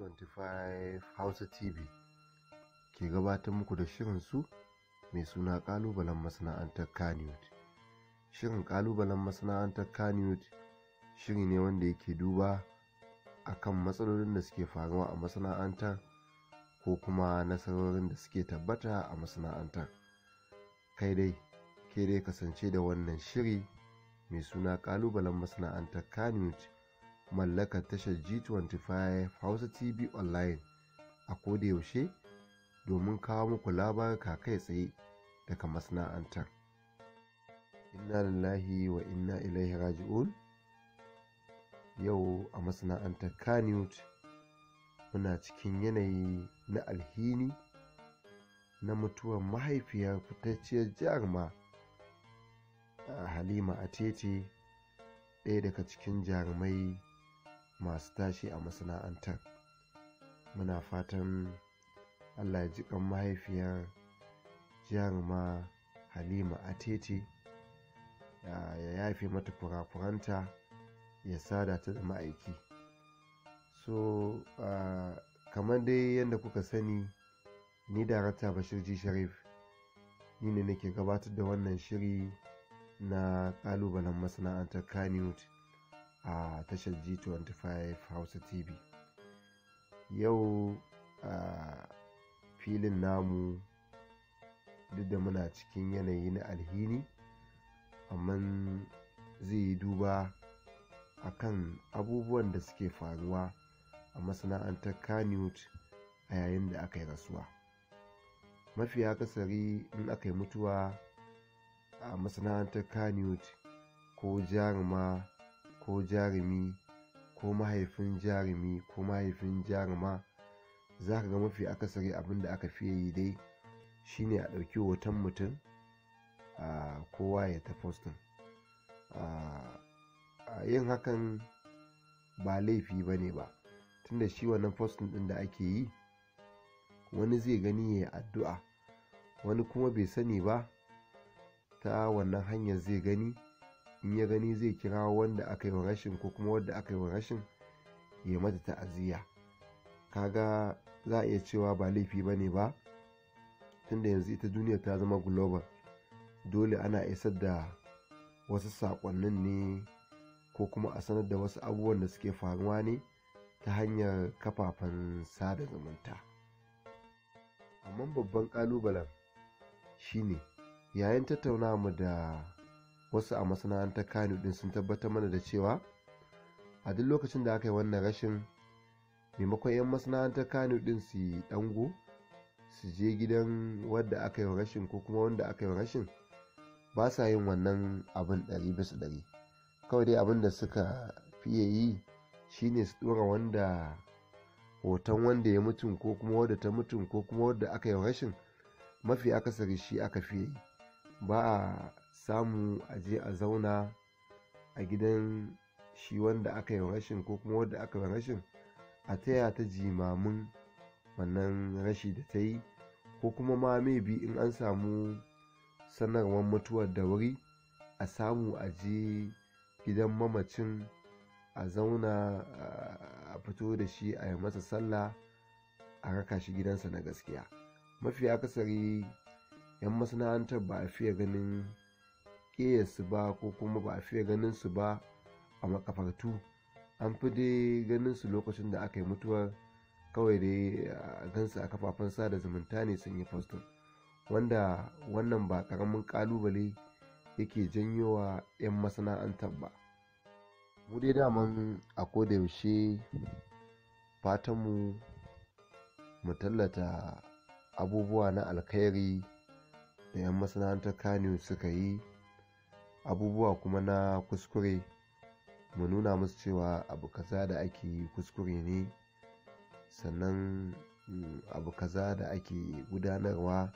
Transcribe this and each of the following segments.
25 Hausa TV ke gabatar muku da shirin su mai suna kalubalen masana'antar Kanyut. Shirin kalubalen masana'antar Kanyut shiri ne wanda yake duba a kan matsalolin da suke faruwa a masana'antar ko kuma nasarorin da suke tabbata a masana'antar. Kai dai, ke dai kasance da wannan shiri mai suna kalubalen masana'antar Kanyut. mallakar tashar G25 Hausa TV Online a yaushe domin kawo muku labarka kai tsaye daga masana'antar. Inna lillahi wa inna ilaihi raji'un yau a masana'antar Kanut muna cikin yanayi na alhini na mutuwar mahaifiyar fitacciyar A halima a atete ɗaya daga cikin jarumai masu tashi a masana'antar muna fatan allah ji kan mahaifiyar ma halima tete ya yafe mata kurakuranta ya sada ta da ma'aiki so kamar dai yadda kuka sani ni darakta bashir ji sharif ni ne nake gabatar da wannan shiri na kalubalen masana'antar kanewt a tashar G25 Hausa TV. Yau a filin namu duk da muna cikin yanayi na alhini, amma zai yi duba a kan abubuwan da suke faruwa a masana'antar Kanute a yayin da aka yi rasuwa. Mafiya kasari in aka yi mutuwa a masana'antar Kanute ko jaruma ko jarumi ko mahaifin jarumi ko mahaifin jaruma za ka ga mafi akasari abin da aka fiye yi dai shine a ɗauki hoton mutum a kowa ya ta postin yin hakan ba laifi ba ne ba tunda shi wannan postin ɗin da ake yi wani zai gani ya addu'a wani kuma bai sani ba ta wannan hanyar zai gani in ya gani zai kira wanda aka yi rashin ko kuma wanda aka yi rashin ya mata ta'aziyya kaga za a iya cewa ba laifi ba ne ba tunda yanzu ita duniya ta zama global dole ana isar da wasu saƙonnin ne ko kuma a sanar da wasu abubuwan da suke faruwa ne ta hanyar kafafen sada zumunta amma babban ƙalubalen shine yayin tattaunawa da wasu a masana'antar kano din sun tabbatar mana da cewa a duk lokacin da aka yi wannan rashin maimakon 'yan masana'antar kano din su yi dango su je gidan wadda aka yi rashin ko kuma wanda aka yi rashin ba sa yin wannan abin ɗari bisa ɗari kawai dai abin da suka fiye yi shine su ɗora wanda hoton wanda ya mutum ko kuma wadda ta mutum ko kuma wadda aka yi rashin mafi akasari shi aka fiye yi ba a samu a je a zauna a gidan shi wanda aka yi rashin ko kuma wanda aka yi rashin a taya ta jimamin wannan rashi da ta yi ko kuma ma mai maybe in an samu sanarwar mutuwar da wuri a samu a je gidan mamacin a zauna a fito da shi a yi masa sallah a raka shi gidansa na gaskiya mafi akasari 'yan masana'antar ba a fiye ganin su ba ko kuma ba a fiye ganin su ba a makafartu an fi dai ganin su lokacin da aka yi mutuwar kawai dai a gansu a kafafen sada zumunta ne sun yi postin wanda wannan ba karamin kalubale yake janyowa 'yan masana'antar ba mu dai dama a yaushe fatan mu tallata abubuwa na alkhairi da 'yan masana'antar kano suka yi abubuwa kuma na kuskure mu nuna musu cewa abu kaza da ake kuskure ne sannan mm, abu kaza da ake gudanarwa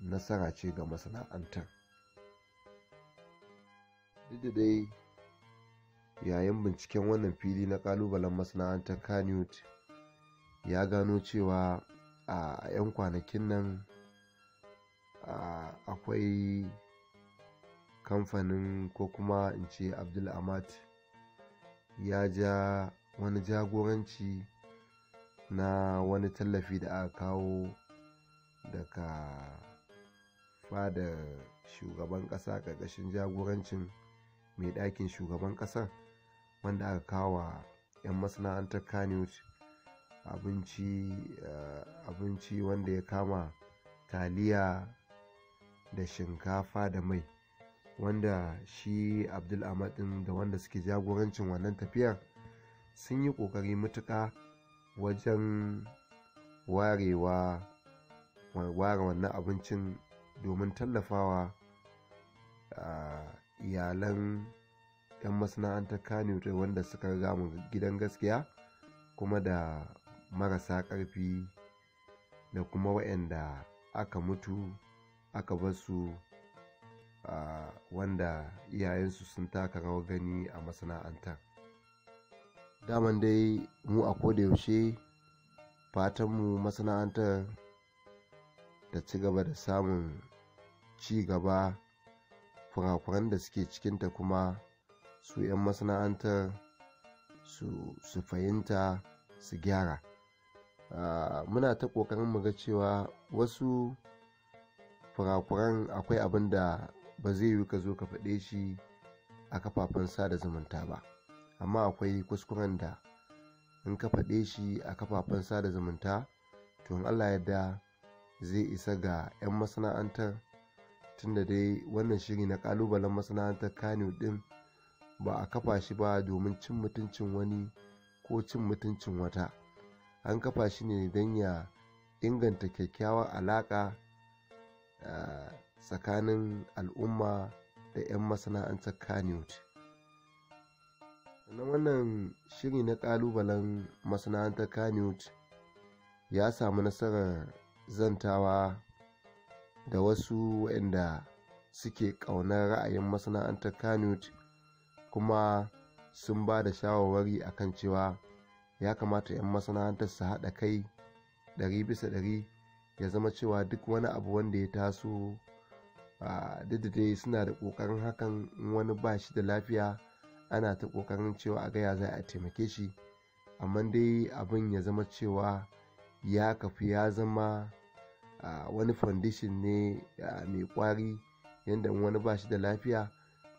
nasara ce ga masana'antar duk dai yayin binciken wannan fili na kalubalen masana'antar kanute ya gano cewa a 'yan kwanakin nan akwai kamfanin ko kuma in ce abdul amat ya ja wani jagoranci na wani tallafi da aka kawo daga da shugaban ƙasa ƙarƙashin jagorancin mai ɗakin shugaban ƙasar wanda aka wa 'yan masana'antar kanewt eh, abinci wanda ya kama taliya da shinkafa da mai wanda shi abdul ahmad din da wanda suke jagorancin wannan tafiyar sun yi ƙoƙari matuƙa wajen warewa ware wannan abincin domin tallafawa iyalan 'yan masana'antar kano wanda suka riga mu gidan gaskiya kuma da marasa ƙarfi da kuma waɗanda aka mutu aka basu wanda iyayensu sun taka rawar gani a masana'antar daman dai mu a koda yaushe fatanmu masana'antar ta ci gaba da samun ci gaba kurakuran da suke cikinta kuma su 'yan masana'antar su, fahimta su gyara uh, muna ta ƙoƙarin mu ga cewa wasu kurakuran akwai abin da ba zai yi ka zo ka faɗe shi a kafafen sada zumunta ba amma akwai kuskuren da in ka faɗe shi a kafafen sada zumunta to in allah yadda zai isa ga 'yan masana'antar da dai wannan shiri na kalubalen masana'antar kano ɗin ba a kafa shi ba domin cin mutuncin wani ko cin mutuncin wata an kafa shi ne don ya inganta kyakkyawar alaƙa ah, tsakanin al'umma da 'yan masana'antar kaniwood sannan wannan shiri na ƙalubalen masana'antar kaniwood ya samu nasarar zantawa da wasu waɗanda suke ƙaunar ra'ayin masana'antar kaniwood kuma sun ba da shawarwari a kan cewa ya kamata 'yan masana'antar su haɗa kai ɗari bisa ɗari ya zama cewa duk wani abu wanda ya taso duk da suna da ƙoƙarin hakan wani ba shi da lafiya ana ta ƙoƙarin cewa a gaya za a taimake shi amma dai abin ya zama cewa ya kafi ya zama wani foundation ne mai ƙwari yadda wani ba shi da lafiya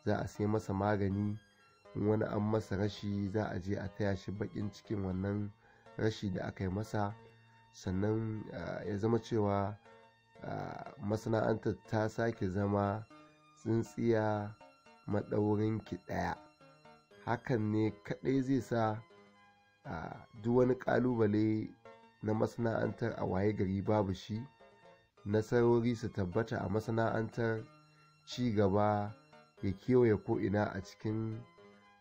za a sai masa magani wani an masa rashi za a je a taya shi baƙin cikin wannan rashi da aka yi masa sannan ya zama cewa masana'antar ta sake zama tsintsiya maɗaurinki ɗaya hakan ne kaɗai zai sa duk wani ƙalubale na masana'antar a waye gari babu shi nasarori su tabbata a masana'antar ci gaba ya kewaye ko'ina a cikin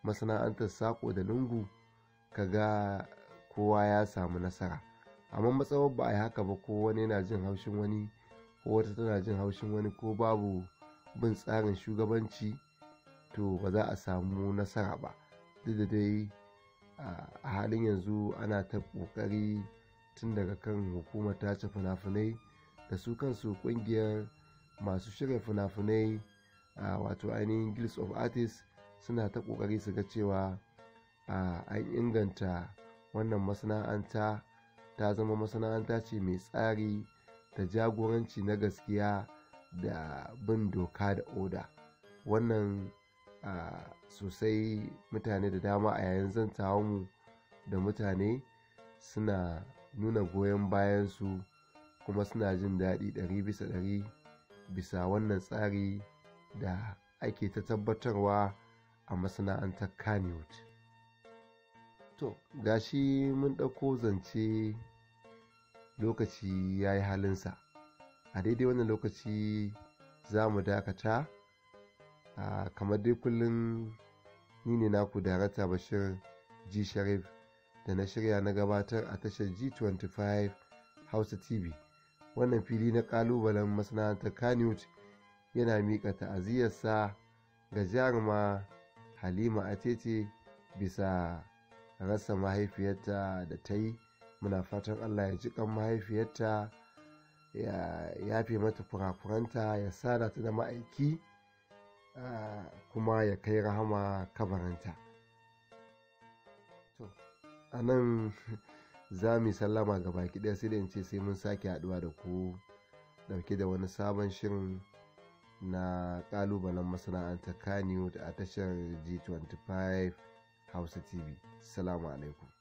masana'antar saƙo da lungu ga kowa ya samu nasara amma matsawar ba a yi haka ba ko wani yana jin haushin wani ko wata tana jin haushin wani ko babu bin tsarin shugabanci to ba za a samu nasara ba duk da dai a halin yanzu ana ta ƙoƙari tun daga kan hukumar tace fina-finai da su kansu ƙungiyar masu shirya fina-finai wato ainihin guilds of artists suna ta ƙoƙari su ga cewa an inganta wannan masana'anta ta zama masana'anta ce mai tsari da jagoranci na gaskiya da bin doka da oda wannan a sosai mutane da dama a yayin mu da mutane suna nuna goyon bayansu kuma suna jin daɗi ɗari bisa ɗari bisa wannan tsari da ake ta tabbatarwa a masana'antar Kannywood. To, gashi mun ɗauko zance lokaci ya yi halinsa a daidai wannan lokaci za mu dakata kamar dai kullum ni ne naku darata bashir g sharif da na shirya na gabatar a tashar g25 hausa tv wannan fili na kalubalen masana'antar kanyut yana miƙa ta'aziyarsa ga jaruma halima a bisa rasa mahaifiyarta da ta yi muna fatan allah ya ji kan mahaifiyarta ya yafe mata kurakuranta ya sada ta da ma'aiki kuma ya kai rahama kabarinta to a nan za mu sallama ga baki ɗaya sai da in ce sai mun sake haɗuwa da ku ɗauke da wani sabon shirin na ƙalubalen masana'antar kaniwood a tashar g25 hausa tv salamu alaikum